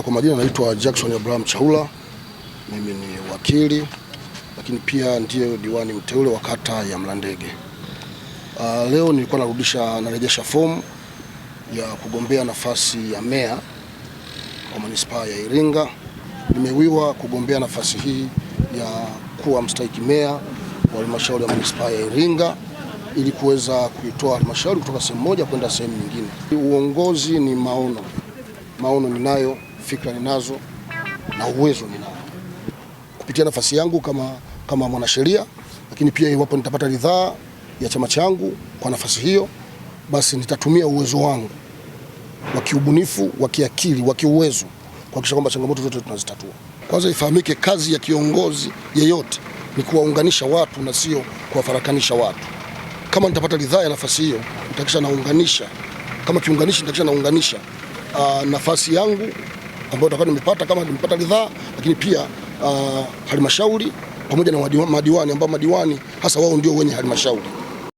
Kwa majina naitwa Jackson Abraham Chaula, mimi ni wakili lakini pia ndiye diwani mteule wa kata ya Mlandege. Uh, leo nilikuwa narudisha narejesha fomu ya kugombea nafasi ya meya wa manispaa ya Iringa. Nimewiwa kugombea nafasi hii ya kuwa mstahiki meya wa halmashauri ya manispaa ya Iringa ili kuweza kuitoa halmashauri kutoka sehemu moja kwenda sehemu nyingine. Uongozi ni maono, maono ninayo fikra ninazo na uwezo ninao kupitia nafasi yangu kama, kama mwanasheria, lakini pia iwapo nitapata ridhaa ya chama changu kwa nafasi hiyo, basi nitatumia uwezo wangu wa kiubunifu, wa kiakili, wa kiuwezo kuhakikisha kwamba changamoto zote tunazitatua. Kwanza ifahamike, kazi ya kiongozi yeyote ni kuwaunganisha watu na sio kuwafarakanisha watu. Kama nitapata ridhaa ya nafasi hiyo, nitahakikisha naunganisha kama kiunganishi, nitahakikisha naunganisha uh, nafasi yangu ambayo tutakuwa nimepata kama nimepata ridhaa, lakini pia uh, halmashauri pamoja na madiwani ambao madiwani hasa wao ndio wenye halmashauri.